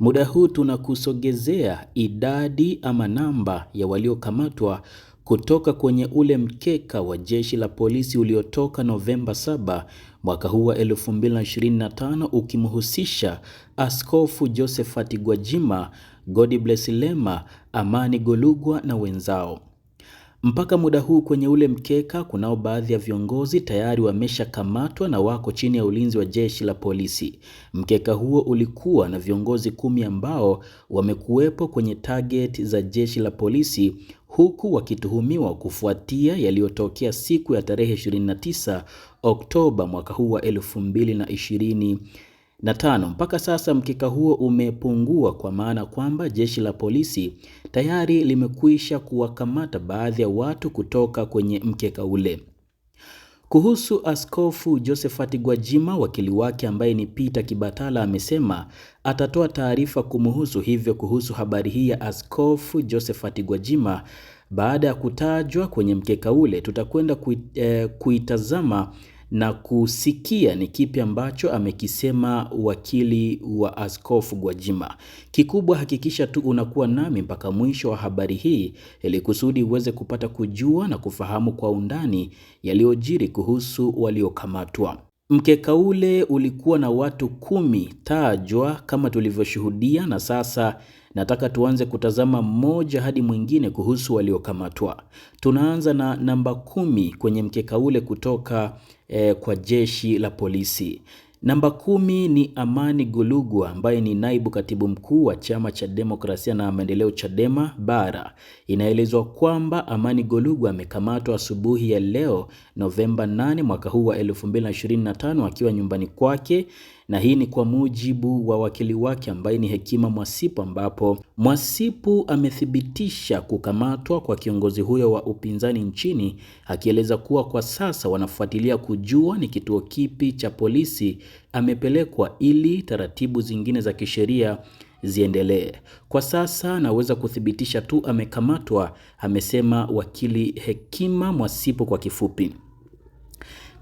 Muda huu tunakusogezea idadi ama namba ya waliokamatwa kutoka kwenye ule mkeka wa jeshi la polisi uliotoka Novemba 7 mwaka huu wa 2025 ukimhusisha Askofu Josephat Gwajima, godi Lema, Amani Golugwa na wenzao. Mpaka muda huu kwenye ule mkeka kunao baadhi ya viongozi tayari wameshakamatwa na wako chini ya ulinzi wa jeshi la polisi. Mkeka huo ulikuwa na viongozi kumi ambao wamekuwepo kwenye target za jeshi la polisi huku wakituhumiwa kufuatia yaliyotokea siku ya tarehe 29 Oktoba mwaka huu wa 2020 na tano. Mpaka sasa mkeka huo umepungua kwa maana kwamba jeshi la polisi tayari limekwisha kuwakamata baadhi ya watu kutoka kwenye mkeka ule. Kuhusu Askofu Josephat Gwajima, wakili wake ambaye ni Peter Kibatala amesema atatoa taarifa kumuhusu hivyo kuhusu habari hii ya Askofu Josephat Gwajima baada ya kutajwa kwenye mkeka ule, tutakwenda eh, kuitazama na kusikia ni kipi ambacho amekisema wakili wa Askofu Gwajima. Kikubwa hakikisha tu unakuwa nami mpaka mwisho wa habari hii ili kusudi uweze kupata kujua na kufahamu kwa undani yaliyojiri kuhusu waliokamatwa. Mkeka ule ulikuwa na watu kumi tajwa kama tulivyoshuhudia, na sasa nataka tuanze kutazama mmoja hadi mwingine kuhusu waliokamatwa. Tunaanza na namba kumi kwenye mkeka ule kutoka eh, kwa jeshi la polisi. Namba kumi ni Amani Golugwa ambaye ni naibu katibu mkuu wa chama cha demokrasia na maendeleo Chadema Bara. Inaelezwa kwamba Amani Golugwa amekamatwa asubuhi ya leo Novemba 8 mwaka huu wa 2025 akiwa nyumbani kwake na hii ni kwa mujibu wa wakili wake ambaye ni Hekima Mwasipu, ambapo Mwasipu amethibitisha kukamatwa kwa kiongozi huyo wa upinzani nchini, akieleza kuwa kwa sasa wanafuatilia kujua ni kituo kipi cha polisi amepelekwa ili taratibu zingine za kisheria ziendelee. Kwa sasa naweza kuthibitisha tu amekamatwa, amesema wakili Hekima Mwasipu kwa kifupi.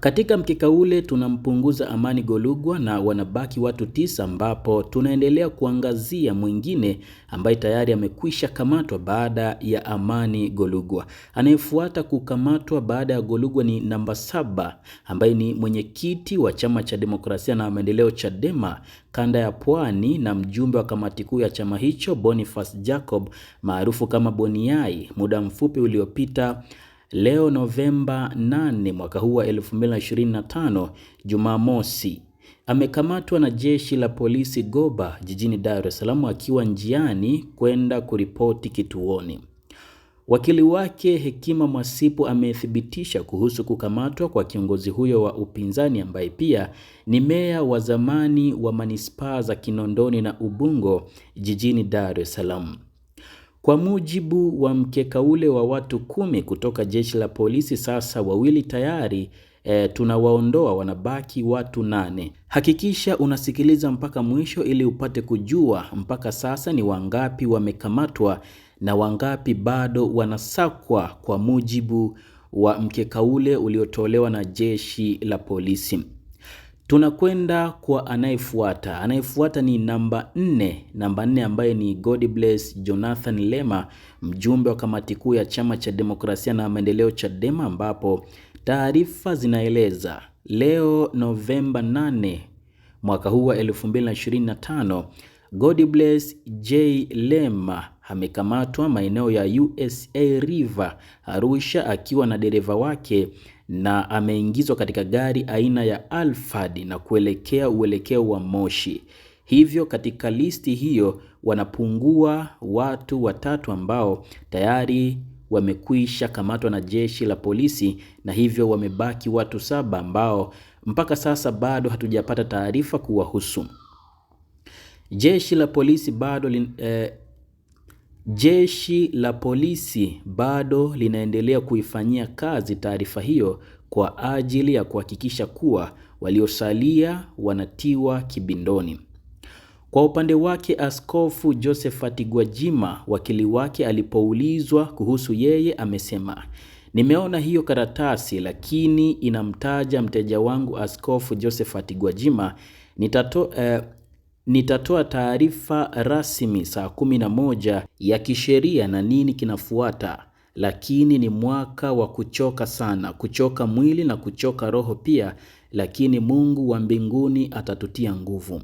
Katika mkeka ule tunampunguza Amani Golugwa na wanabaki watu tisa, ambapo tunaendelea kuangazia mwingine ambaye tayari amekwisha kamatwa baada ya Amani Golugwa. Anayefuata kukamatwa baada ya Golugwa ni namba saba ambaye ni mwenyekiti wa chama cha demokrasia na maendeleo Chadema kanda ya Pwani na mjumbe wa kamati kuu ya chama hicho Boniface Jacob maarufu kama Boniai, muda mfupi uliopita leo Novemba 8 mwaka huu wa 2025, Jumamosi, amekamatwa na jeshi la polisi Goba jijini Dar es Salaam akiwa njiani kwenda kuripoti kituoni. Wakili wake Hekima Mwasipu amethibitisha kuhusu kukamatwa kwa kiongozi huyo wa upinzani ambaye pia ni meya wa zamani wa manispaa za Kinondoni na Ubungo jijini Dar es Salaam. Kwa mujibu wa mkeka ule wa watu kumi kutoka jeshi la polisi, sasa wawili tayari e, tunawaondoa, wanabaki watu nane. Hakikisha unasikiliza mpaka mwisho ili upate kujua mpaka sasa ni wangapi wamekamatwa na wangapi bado wanasakwa kwa mujibu wa mkeka ule uliotolewa na jeshi la polisi. Tunakwenda kwa anayefuata. Anayefuata ni namba nne, namba nne ambaye ni God bless Jonathan Lema, mjumbe wa kamati kuu ya chama cha demokrasia na maendeleo Chadema, ambapo taarifa zinaeleza leo Novemba 8 mwaka huu wa 2025 God bless J Lema amekamatwa maeneo ya USA River Arusha akiwa na dereva wake na ameingizwa katika gari aina ya Alphard na kuelekea uelekeo wa Moshi. Hivyo katika listi hiyo wanapungua watu watatu ambao tayari wamekwisha kamatwa na jeshi la polisi na hivyo wamebaki watu saba ambao mpaka sasa bado hatujapata taarifa kuwahusu. Jeshi la polisi bado lin, eh, Jeshi la polisi bado linaendelea kuifanyia kazi taarifa hiyo kwa ajili ya kuhakikisha kuwa waliosalia wanatiwa kibindoni. Kwa upande wake, Askofu Josephat Gwajima, wakili wake, alipoulizwa kuhusu yeye, amesema nimeona hiyo karatasi lakini inamtaja mteja wangu Askofu Josephat Gwajima nitato, eh, Nitatoa taarifa rasmi saa kumi na moja ya kisheria na nini kinafuata, lakini ni mwaka wa kuchoka sana, kuchoka mwili na kuchoka roho pia, lakini Mungu wa mbinguni atatutia nguvu.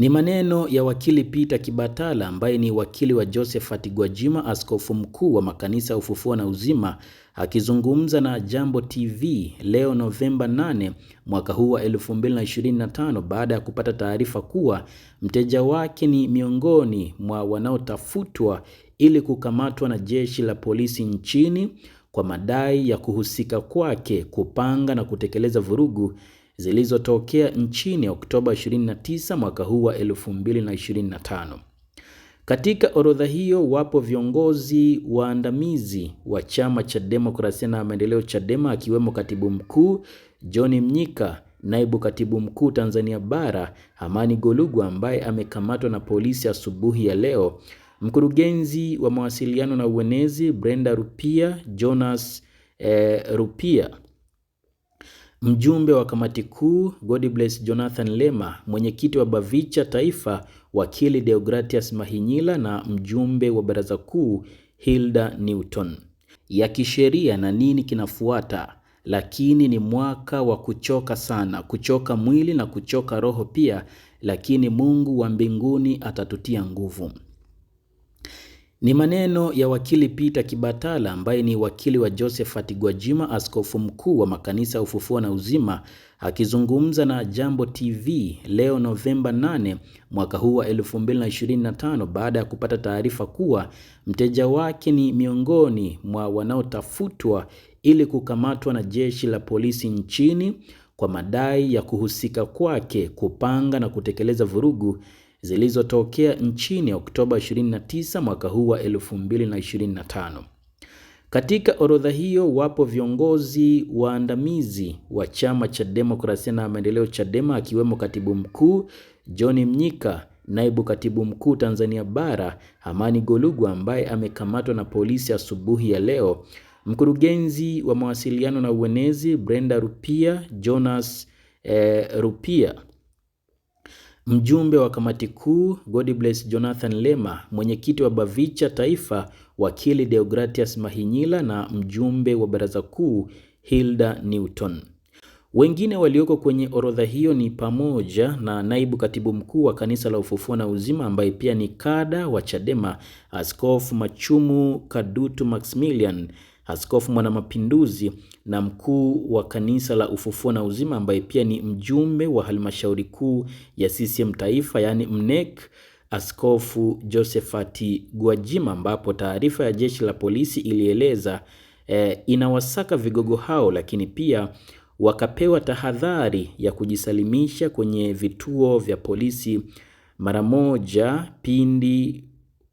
Ni maneno ya wakili Peter Kibatala ambaye ni wakili wa Josephat Gwajima, askofu mkuu wa makanisa ya Ufufuo na Uzima, akizungumza na Jambo TV leo Novemba 8 mwaka huu wa 2025 baada ya kupata taarifa kuwa mteja wake ni miongoni mwa wanaotafutwa ili kukamatwa na jeshi la polisi nchini kwa madai ya kuhusika kwake kupanga na kutekeleza vurugu zilizotokea nchini Oktoba 29 mwaka huu wa 2025. Katika orodha hiyo wapo viongozi waandamizi wa chama cha demokrasia na maendeleo Chadema, akiwemo katibu mkuu John Mnyika, naibu katibu mkuu Tanzania Bara Amani Golugwa ambaye amekamatwa na polisi asubuhi ya leo, mkurugenzi wa mawasiliano na uenezi Brenda Rupia, Jonas eh, Rupia Mjumbe wa kamati kuu Godbless Jonathan Lema, mwenyekiti wa Bavicha Taifa wakili Deogratias Mahinyila na mjumbe wa baraza kuu Hilda Newton. Ya kisheria na nini kinafuata, lakini ni mwaka wa kuchoka sana, kuchoka mwili na kuchoka roho pia, lakini Mungu wa mbinguni atatutia nguvu. Ni maneno ya wakili Peter Kibatala ambaye ni wakili wa Josephat Gwajima, askofu mkuu wa makanisa ya Ufufuo na Uzima, akizungumza na Jambo TV leo Novemba 8 mwaka huu wa 2025 baada ya kupata taarifa kuwa mteja wake ni miongoni mwa wanaotafutwa ili kukamatwa na jeshi la polisi nchini kwa madai ya kuhusika kwake kupanga na kutekeleza vurugu zilizotokea nchini Oktoba 29 mwaka huu wa 2025. Katika orodha hiyo wapo viongozi waandamizi wa chama cha demokrasia na maendeleo Chadema, akiwemo katibu mkuu John Mnyika, naibu katibu mkuu Tanzania Bara Amani Golugu ambaye amekamatwa na polisi asubuhi ya leo, mkurugenzi wa mawasiliano na uenezi Brenda Rupia, Jonas eh, Rupia Mjumbe wa kamati kuu Godbless Jonathan Lema, mwenyekiti wa Bavicha Taifa wakili Deogratias Mahinyila na mjumbe wa baraza kuu Hilda Newton. Wengine walioko kwenye orodha hiyo ni pamoja na naibu katibu mkuu wa Kanisa la Ufufuo na Uzima ambaye pia ni kada wa Chadema, Askofu Machumu Kadutu Maximilian, askofu mwanamapinduzi na mkuu wa Kanisa la Ufufuo na Uzima ambaye pia ni mjumbe wa halmashauri kuu ya CCM Taifa, yaani MNEC, Askofu Josephati Gwajima, ambapo taarifa ya jeshi la polisi ilieleza eh, inawasaka vigogo hao, lakini pia wakapewa tahadhari ya kujisalimisha kwenye vituo vya polisi mara moja pindi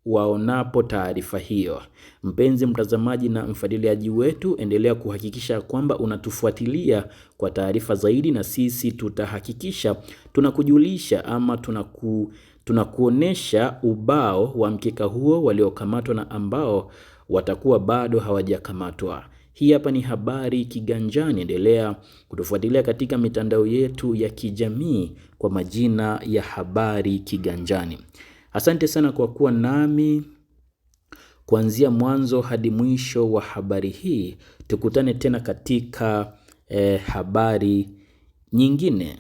waonapo taarifa hiyo. Mpenzi mtazamaji na mfuatiliaji wetu, endelea kuhakikisha kwamba unatufuatilia kwa taarifa zaidi, na sisi tutahakikisha tunakujulisha ama tunaku tunakuonesha ubao wa mkeka huo waliokamatwa na ambao watakuwa bado hawajakamatwa. Hii hapa ni Habari Kiganjani. Endelea kutufuatilia katika mitandao yetu ya kijamii kwa majina ya Habari Kiganjani. Asante sana kwa kuwa nami kuanzia mwanzo hadi mwisho wa habari hii. Tukutane tena katika eh, habari nyingine.